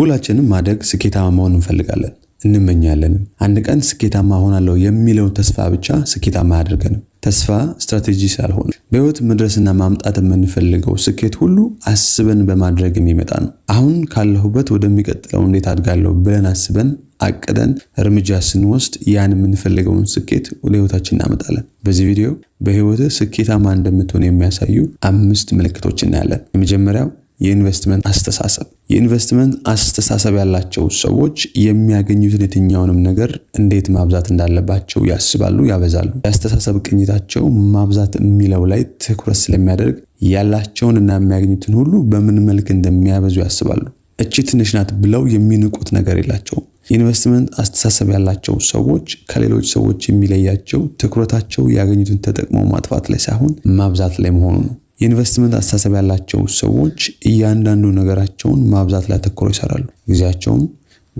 ሁላችንም ማደግ፣ ስኬታማ መሆን እንፈልጋለን፣ እንመኛለን። አንድ ቀን ስኬታማ ሆናለሁ የሚለውን ተስፋ ብቻ ስኬታማ አያደርገንም። ተስፋ ስትራቴጂ ሳልሆን በህይወት መድረስና ማምጣት የምንፈልገው ስኬት ሁሉ አስበን በማድረግ የሚመጣ ነው። አሁን ካለሁበት ወደሚቀጥለው እንዴት አድጋለሁ ብለን አስበን አቅደን እርምጃ ስንወስድ ያን የምንፈልገውን ስኬት ወደ ህይወታችን እናመጣለን። በዚህ ቪዲዮ በህይወት ስኬታማ እንደምትሆን የሚያሳዩ አምስት ምልክቶች እናያለን። የመጀመሪያው የኢንቨስትመንት አስተሳሰብ የኢንቨስትመንት አስተሳሰብ ያላቸው ሰዎች የሚያገኙትን የትኛውንም ነገር እንዴት ማብዛት እንዳለባቸው ያስባሉ፣ ያበዛሉ። የአስተሳሰብ ቅኝታቸው ማብዛት የሚለው ላይ ትኩረት ስለሚያደርግ ያላቸውን እና የሚያገኙትን ሁሉ በምን መልክ እንደሚያበዙ ያስባሉ። እቺ ትንሽ ናት ብለው የሚንቁት ነገር የላቸውም። የኢንቨስትመንት አስተሳሰብ ያላቸው ሰዎች ከሌሎች ሰዎች የሚለያቸው ትኩረታቸው ያገኙትን ተጠቅመው ማጥፋት ላይ ሳይሆን ማብዛት ላይ መሆኑ ነው። የኢንቨስትመንት አስተሳሰብ ያላቸው ሰዎች እያንዳንዱ ነገራቸውን ማብዛት ላይ አተኩረው ይሰራሉ። ጊዜያቸውን፣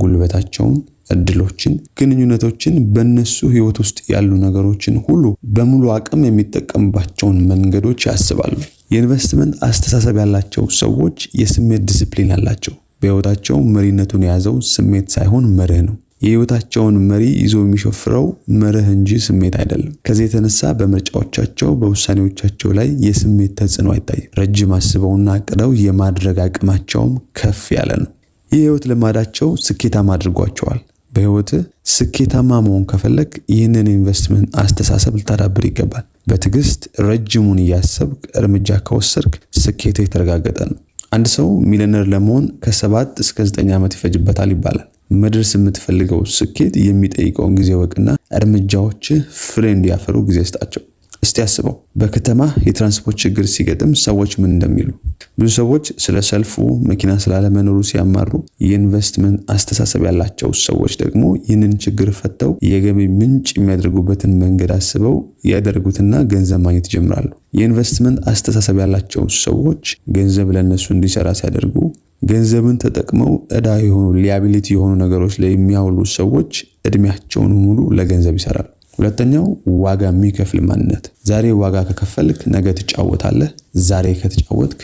ጉልበታቸውን፣ እድሎችን፣ ግንኙነቶችን በእነሱ ህይወት ውስጥ ያሉ ነገሮችን ሁሉ በሙሉ አቅም የሚጠቀምባቸውን መንገዶች ያስባሉ። የኢንቨስትመንት አስተሳሰብ ያላቸው ሰዎች የስሜት ዲስፕሊን አላቸው። በህይወታቸው መሪነቱን የያዘው ስሜት ሳይሆን መርህ ነው። የህይወታቸውን መሪ ይዞ የሚሾፍረው መርህ እንጂ ስሜት አይደለም። ከዚህ የተነሳ በምርጫዎቻቸው፣ በውሳኔዎቻቸው ላይ የስሜት ተጽዕኖ አይታይም። ረጅም አስበውና አቅደው የማድረግ አቅማቸውም ከፍ ያለ ነው። ይህ የህይወት ልማዳቸው ስኬታማ አድርጓቸዋል። በህይወት ስኬታማ መሆን ከፈለግ ይህንን ኢንቨስትመንት አስተሳሰብ ልታዳብር ይገባል። በትዕግስት ረጅሙን እያሰብክ እርምጃ ከወሰድክ ስኬት የተረጋገጠ ነው። አንድ ሰው ሚሊነር ለመሆን ከሰባት እስከ ዘጠኝ ዓመት ይፈጅበታል ይባላል። መድረስ የምትፈልገው ስኬት የሚጠይቀውን ጊዜ ወቅና እርምጃዎች ፍሬ እንዲያፈሩ ጊዜ ስጣቸው። እስቲ አስበው፣ በከተማ የትራንስፖርት ችግር ሲገጥም ሰዎች ምን እንደሚሉ። ብዙ ሰዎች ስለ ሰልፉ፣ መኪና ስላለመኖሩ ሲያማሩ፣ የኢንቨስትመንት አስተሳሰብ ያላቸው ሰዎች ደግሞ ይህንን ችግር ፈተው የገቢ ምንጭ የሚያደርጉበትን መንገድ አስበው ያደርጉትና ገንዘብ ማግኘት ይጀምራሉ። የኢንቨስትመንት አስተሳሰብ ያላቸው ሰዎች ገንዘብ ለእነሱ እንዲሰራ ሲያደርጉ ገንዘብን ተጠቅመው እዳ የሆኑ ሊያቢሊቲ የሆኑ ነገሮች ላይ የሚያውሉ ሰዎች እድሜያቸውን ሙሉ ለገንዘብ ይሰራሉ። ሁለተኛው ዋጋ የሚከፍል ማንነት። ዛሬ ዋጋ ከከፈልክ ነገ ትጫወታለህ። ዛሬ ከተጫወትክ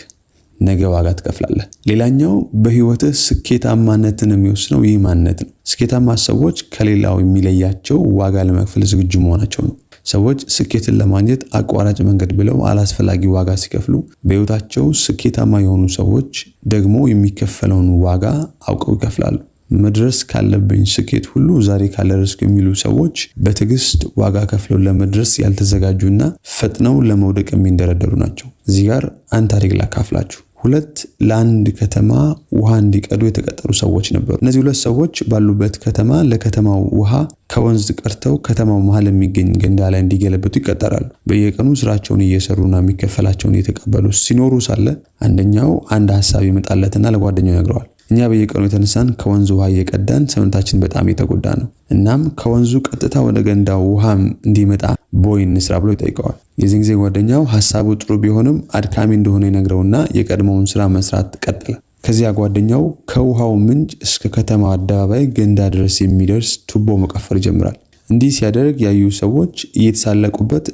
ነገ ዋጋ ትከፍላለህ። ሌላኛው በህይወትህ ስኬታማነትን የሚወስነው ይህ ማንነት ነው። ስኬታማ ሰዎች ከሌላው የሚለያቸው ዋጋ ለመክፈል ዝግጁ መሆናቸው ነው። ሰዎች ስኬትን ለማግኘት አቋራጭ መንገድ ብለው አላስፈላጊ ዋጋ ሲከፍሉ፣ በህይወታቸው ስኬታማ የሆኑ ሰዎች ደግሞ የሚከፈለውን ዋጋ አውቀው ይከፍላሉ። መድረስ ካለብኝ ስኬት ሁሉ ዛሬ ካልደረስኩ የሚሉ ሰዎች በትዕግስት ዋጋ ከፍለው ለመድረስ ያልተዘጋጁና ፈጥነው ለመውደቅ የሚንደረደሩ ናቸው። እዚህ ጋር አንድ ታሪክ ላካፍላችሁ። ሁለት ለአንድ ከተማ ውሃ እንዲቀዱ የተቀጠሩ ሰዎች ነበሩ። እነዚህ ሁለት ሰዎች ባሉበት ከተማ ለከተማው ውሃ ከወንዝ ቀርተው ከተማው መሀል የሚገኝ ገንዳ ላይ እንዲገለብጡ ይቀጠራሉ። በየቀኑ ስራቸውን እየሰሩና የሚከፈላቸውን እየተቀበሉ ሲኖሩ ሳለ አንደኛው አንድ ሀሳብ ይመጣለትና ለጓደኛው ይነግረዋል። እኛ በየቀኑ የተነሳን ከወንዙ ውሃ እየቀዳን ሰውነታችን በጣም የተጎዳ ነው። እናም ከወንዙ ቀጥታ ወደ ገንዳው ውሃም እንዲመጣ ቦይ እንስራ ብሎ ይጠይቀዋል። የዚህን ጊዜ ጓደኛው ሀሳቡ ጥሩ ቢሆንም አድካሚ እንደሆነ ይነግረውና የቀድሞውን ስራ መስራት ቀጥላል። ከዚያ ጓደኛው ከውሃው ምንጭ እስከ ከተማ አደባባይ ገንዳ ድረስ የሚደርስ ቱቦ መቀፈር ይጀምራል። እንዲህ ሲያደርግ ያዩ ሰዎች እየተሳለቁበት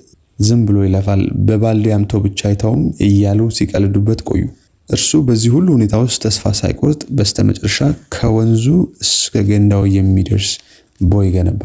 ዝም ብሎ ይለፋል፣ በባልዲ አምቶ ብቻ አይተውም እያሉ ሲቀልዱበት ቆዩ። እርሱ በዚህ ሁሉ ሁኔታ ውስጥ ተስፋ ሳይቆርጥ በስተመጨረሻ ከወንዙ እስከ ገንዳው የሚደርስ ቦይ ገነባ።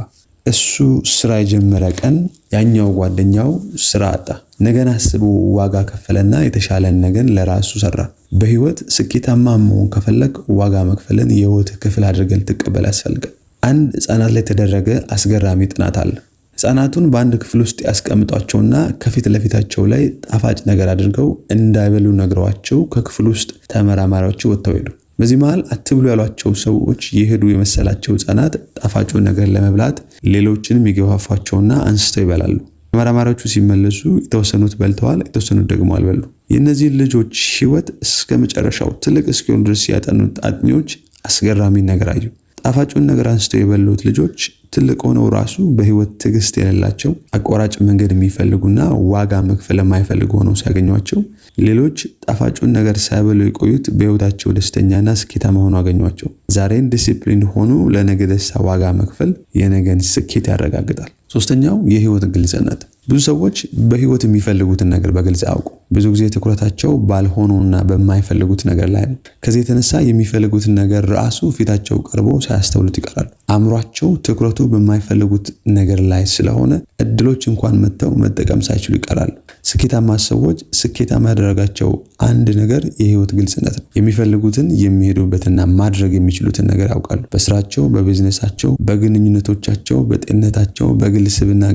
እሱ ስራ የጀመረ ቀን ያኛው ጓደኛው ስራ አጣ። ነገን አስቦ ዋጋ ከፈለና የተሻለን ነገን ለራሱ ሰራ። በህይወት ስኬታማ መሆን ከፈለግ ዋጋ መክፈልን የህይወት ክፍል አድርገን ልትቀበል ያስፈልጋል። አንድ ህፃናት ላይ የተደረገ አስገራሚ ጥናት አለ። ህፃናቱን በአንድ ክፍል ውስጥ ያስቀምጧቸውና ከፊት ለፊታቸው ላይ ጣፋጭ ነገር አድርገው እንዳይበሉ ነግረዋቸው ከክፍል ውስጥ ተመራማሪዎች ወጥተው ሄዱ። በዚህ መሃል አትብሉ ያሏቸው ሰዎች የሄዱ የመሰላቸው ህፃናት ጣፋጩን ነገር ለመብላት ሌሎችንም ይገፋፋቸውና አንስተው ይበላሉ። ተመራማሪዎቹ ሲመለሱ የተወሰኑት በልተዋል፣ የተወሰኑት ደግሞ አልበሉ። የእነዚህ ልጆች ህይወት እስከ መጨረሻው ትልቅ እስኪሆን ድረስ ያጠኑት አጥኚዎች አስገራሚ ነገር አዩ። ጣፋጩን ነገር አንስተው የበሉት ልጆች ትልቅ ሆነው ራሱ በህይወት ትዕግስት የሌላቸው አቋራጭ መንገድ የሚፈልጉና ዋጋ መክፈል የማይፈልጉ ሆነው ሲያገኟቸው፣ ሌሎች ጣፋጩን ነገር ሳይበሉ የቆዩት በህይወታቸው ደስተኛና ስኬታማ መሆኑ አገኟቸው። ዛሬን ዲሲፕሊን ሆኖ ለነገ ደስታ ዋጋ መክፈል የነገን ስኬት ያረጋግጣል። ሶስተኛው የህይወት ግልጽነት። ብዙ ሰዎች በህይወት የሚፈልጉትን ነገር በግልጽ አያውቁ። ብዙ ጊዜ ትኩረታቸው ባልሆኑና በማይፈልጉት ነገር ላይ ነው። ከዚህ የተነሳ የሚፈልጉትን ነገር ራሱ ፊታቸው ቀርቦ ሳያስተውሉት ይቀራሉ። አእምሯቸው ትኩረቱ በማይፈልጉት ነገር ላይ ስለሆነ እድሎች እንኳን መጥተው መጠቀም ሳይችሉ ይቀራሉ። ስኬታማ ሰዎች ስኬታማ ያደረጋቸው አንድ ነገር የህይወት ግልጽነት ነው። የሚፈልጉትን የሚሄዱበትና ማድረግ የሚችሉትን ነገር ያውቃሉ። በስራቸው፣ በቢዝነሳቸው፣ በግንኙነቶቻቸው፣ በጤንነታቸው፣ በግል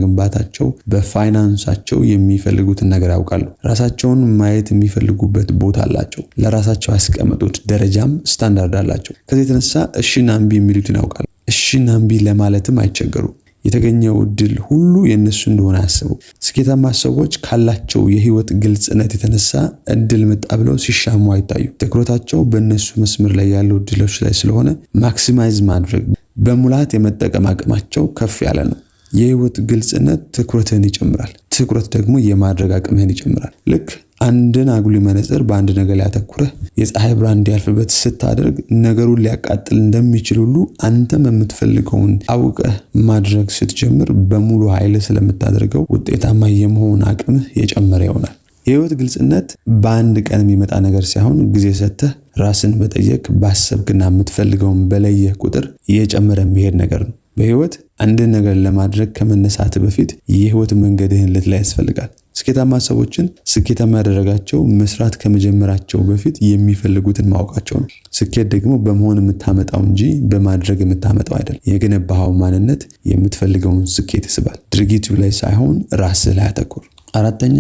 ግንባታቸው፣ በፋይናንሳቸው የሚፈልጉትን ነገር ያውቃሉ። ራሳቸው ራሳቸውን ማየት የሚፈልጉበት ቦታ አላቸው። ለራሳቸው ያስቀመጡት ደረጃም ስታንዳርድ አላቸው። ከዚህ የተነሳ እሺ ናምቢ የሚሉት ያውቃል። እሺ ናምቢ ለማለትም አይቸገሩ። የተገኘው እድል ሁሉ የእነሱ እንደሆነ አያስቡ። ስኬታማ ሰዎች ካላቸው የህይወት ግልጽነት የተነሳ እድል ምጣ ብለው ሲሻሙ አይታዩ። ትኩረታቸው በእነሱ መስመር ላይ ያለው እድሎች ላይ ስለሆነ ማክሲማይዝ ማድረግ በሙላት የመጠቀም አቅማቸው ከፍ ያለ ነው። የህይወት ግልጽነት ትኩረትን ይጨምራል። ትኩረት ደግሞ የማድረግ አቅምህን ይጨምራል። ልክ አንድን አጉሊ መነጽር በአንድ ነገር ላይ አተኩረህ የፀሐይ ብርሃን እንዲያልፍበት ስታደርግ ነገሩን ሊያቃጥል እንደሚችል ሁሉ አንተም የምትፈልገውን አውቀህ ማድረግ ስትጀምር በሙሉ ኃይል ስለምታደርገው ውጤታማ የመሆን አቅምህ የጨመረ ይሆናል። የህይወት ግልጽነት በአንድ ቀን የሚመጣ ነገር ሳይሆን ጊዜ ሰጥተህ ራስን በጠየቅ ባሰብክና የምትፈልገውን በለየህ ቁጥር የጨመረ የሚሄድ ነገር ነው። በህይወት አንድን ነገር ለማድረግ ከመነሳት በፊት የህይወት መንገድህን ልትለይ ያስፈልጋል። ስኬታማ ሰዎችን ስኬታማ ያደረጋቸው መስራት ከመጀመራቸው በፊት የሚፈልጉትን ማወቃቸው ነው። ስኬት ደግሞ በመሆን የምታመጣው እንጂ በማድረግ የምታመጣው አይደለም። የገነባኸው ማንነት የምትፈልገውን ስኬት ይስባል። ድርጊቱ ላይ ሳይሆን ራስህ ላይ አተኩር። አራተኛ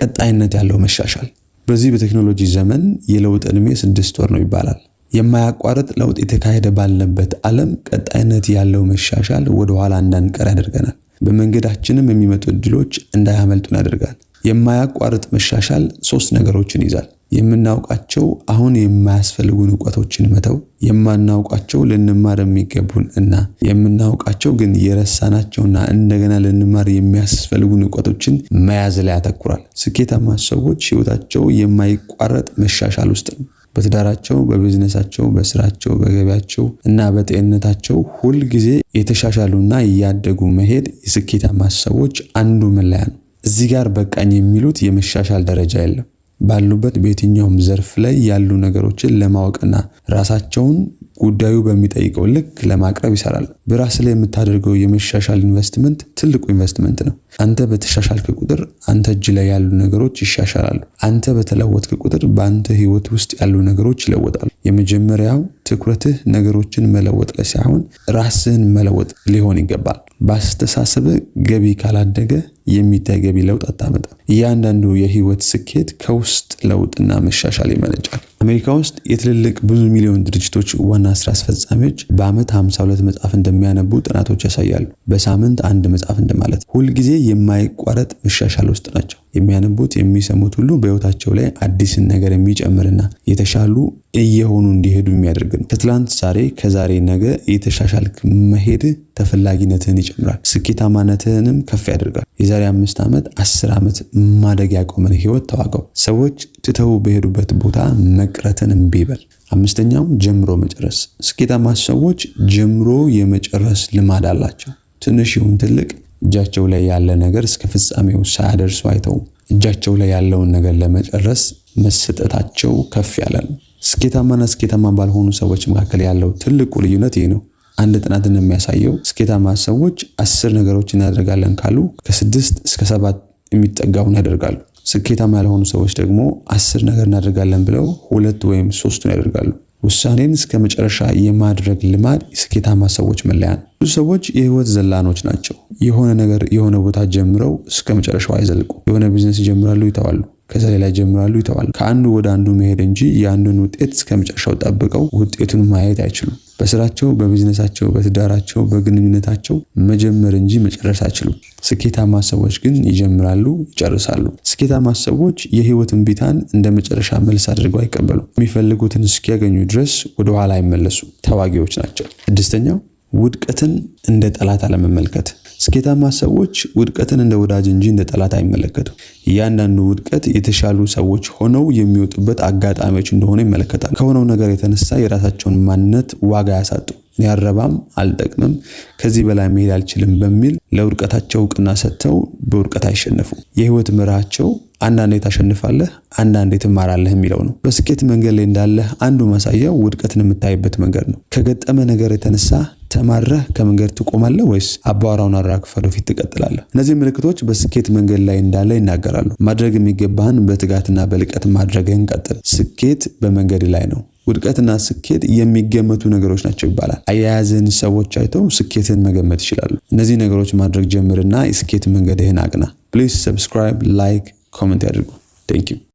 ቀጣይነት ያለው መሻሻል። በዚህ በቴክኖሎጂ ዘመን የለውጥ ዕድሜ ስድስት ወር ነው ይባላል። የማያቋርጥ ለውጥ የተካሄደ ባለበት ዓለም ቀጣይነት ያለው መሻሻል ወደ ኋላ እንዳንቀር ያደርገናል። በመንገዳችንም የሚመጡ እድሎች እንዳያመልጡን ያደርጋል። የማያቋርጥ መሻሻል ሶስት ነገሮችን ይዛል። የምናውቃቸው አሁን የማያስፈልጉን እውቀቶችን መተው፣ የማናውቃቸው ልንማር የሚገቡን እና የምናውቃቸው ግን የረሳናቸውና እንደገና ልንማር የሚያስፈልጉን እውቀቶችን መያዝ ላይ ያተኩራል። ስኬታማ ሰዎች ህይወታቸው የማይቋረጥ መሻሻል ውስጥ ነው። በትዳራቸው፣ በቢዝነሳቸው፣ በስራቸው፣ በገቢያቸው እና በጤንነታቸው ሁል ጊዜ የተሻሻሉና እያደጉ መሄድ የስኬታማ ሰዎች አንዱ መለያ ነው። እዚህ ጋር በቃኝ የሚሉት የመሻሻል ደረጃ የለም። ባሉበት በየትኛውም ዘርፍ ላይ ያሉ ነገሮችን ለማወቅና ራሳቸውን ጉዳዩ በሚጠይቀው ልክ ለማቅረብ ይሰራል። በራስ ላይ የምታደርገው የመሻሻል ኢንቨስትመንት ትልቁ ኢንቨስትመንት ነው። አንተ በተሻሻልክ ቁጥር አንተ እጅ ላይ ያሉ ነገሮች ይሻሻላሉ። አንተ በተለወጥክ ቁጥር በአንተ ህይወት ውስጥ ያሉ ነገሮች ይለወጣሉ። የመጀመሪያው ትኩረትህ ነገሮችን መለወጥ ላይ ሳይሆን ራስህን መለወጥ ሊሆን ይገባል። በአስተሳሰብህ ገቢ ካላደገ የሚታይ ገቢ ለውጥ አታመጣም። እያንዳንዱ የህይወት ስኬት ከውስጥ ለውጥና መሻሻል ይመነጫል። አሜሪካ ውስጥ የትልልቅ ብዙ ሚሊዮን ድርጅቶች ዋና ስራ አስፈጻሚዎች በዓመት 52 መጽሐፍ እንደሚያነቡ ጥናቶች ያሳያሉ። በሳምንት አንድ መጽሐፍ እንደማለት። ሁልጊዜ የማይቋረጥ መሻሻል ውስጥ ናቸው። የሚያነቡት የሚሰሙት ሁሉ በህይወታቸው ላይ አዲስን ነገር የሚጨምርና የተሻሉ እየሆኑ እንዲሄዱ የሚያደርግ ነው። ከትላንት ዛሬ፣ ከዛሬ ነገ የተሻሻልክ መሄድ ተፈላጊነትህን ይጨምራል፣ ስኬታማነትህንም ከፍ ያደርጋል። የዛሬ አምስት ዓመት አስር ዓመት ማደግ ያቆመን ህይወት ተዋቀው። ሰዎች ትተው በሄዱበት ቦታ መቅረትን እምቢ በል። አምስተኛው ጀምሮ መጨረስ። ስኬታማ ሰዎች ጀምሮ የመጨረስ ልማድ አላቸው። ትንሽ ይሁን ትልቅ እጃቸው ላይ ያለ ነገር እስከ ፍጻሜው ሳያደርሱ አይተውም። እጃቸው ላይ ያለውን ነገር ለመጨረስ መሰጠታቸው ከፍ ያለ ነው። ስኬታማና ስኬታማ ባልሆኑ ሰዎች መካከል ያለው ትልቁ ልዩነት ይህ ነው። አንድ ጥናት እንደሚያሳየው ስኬታማ ሰዎች አስር ነገሮች እናደርጋለን ካሉ ከስድስት እስከ ሰባት የሚጠጋውን ያደርጋሉ። ስኬታማ ያልሆኑ ሰዎች ደግሞ አስር ነገር እናደርጋለን ብለው ሁለት ወይም ሶስቱን ያደርጋሉ። ውሳኔን እስከ መጨረሻ የማድረግ ልማድ የስኬታማ ሰዎች መለያ ነው። ብዙ ሰዎች የህይወት ዘላኖች ናቸው። የሆነ ነገር የሆነ ቦታ ጀምረው እስከ መጨረሻው አይዘልቁ። የሆነ ቢዝነስ ይጀምራሉ፣ ይተዋሉ። ከዛ ሌላ ጀምራሉ ይተዋል። ከአንዱ ወደ አንዱ መሄድ እንጂ የአንዱን ውጤት ከመጨረሻው ጠብቀው ውጤቱን ማየት አይችሉም። በስራቸው፣ በቢዝነሳቸው፣ በትዳራቸው፣ በግንኙነታቸው መጀመር እንጂ መጨረስ አይችሉም። ስኬታማ ሰዎች ግን ይጀምራሉ፣ ይጨርሳሉ። ስኬታማ ሰዎች የህይወትን ቢታን እንደ መጨረሻ መልስ አድርገው አይቀበሉ። የሚፈልጉትን እስኪያገኙ ድረስ ወደኋላ አይመለሱ። ተዋጊዎች ናቸው። ስድስተኛው ውድቀትን እንደ ጠላት አለመመልከት ስኬታማ ሰዎች ውድቀትን እንደ ወዳጅ እንጂ እንደ ጠላት አይመለከቱም። እያንዳንዱ ውድቀት የተሻሉ ሰዎች ሆነው የሚወጡበት አጋጣሚዎች እንደሆነ ይመለከታሉ። ከሆነው ነገር የተነሳ የራሳቸውን ማንነት ዋጋ ያሳጡ። ያረባም አልጠቅምም፣ ከዚህ በላይ መሄድ አልችልም በሚል ለውድቀታቸው እውቅና ሰጥተው በውድቀት አይሸነፉም። የህይወት መርሃቸው አንዳንዴ ታሸንፋለህ፣ አንዳንዴ ትማራለህ የሚለው ነው። በስኬት መንገድ ላይ እንዳለህ አንዱ ማሳያው ውድቀትን የምታይበት መንገድ ነው። ከገጠመ ነገር የተነሳ ተማረህ ከመንገድ ትቆማለህ ወይስ አቧራውን አራግፈ ወደፊት ትቀጥላለህ? እነዚህ ምልክቶች በስኬት መንገድ ላይ እንዳለ ይናገራሉ። ማድረግ የሚገባህን በትጋትና በልቀት ማድረግህን ቀጥል። ስኬት በመንገድ ላይ ነው። ውድቀትና ስኬት የሚገመቱ ነገሮች ናቸው ይባላል። አያያዝህን ሰዎች አይተው ስኬትን መገመት ይችላሉ። እነዚህ ነገሮች ማድረግ ጀምርና የስኬት መንገድህን አቅና። ፕሊዝ ሰብስክራይብ፣ ላይክ፣ ኮመንት ያድርጉ። ቴንክ ዩ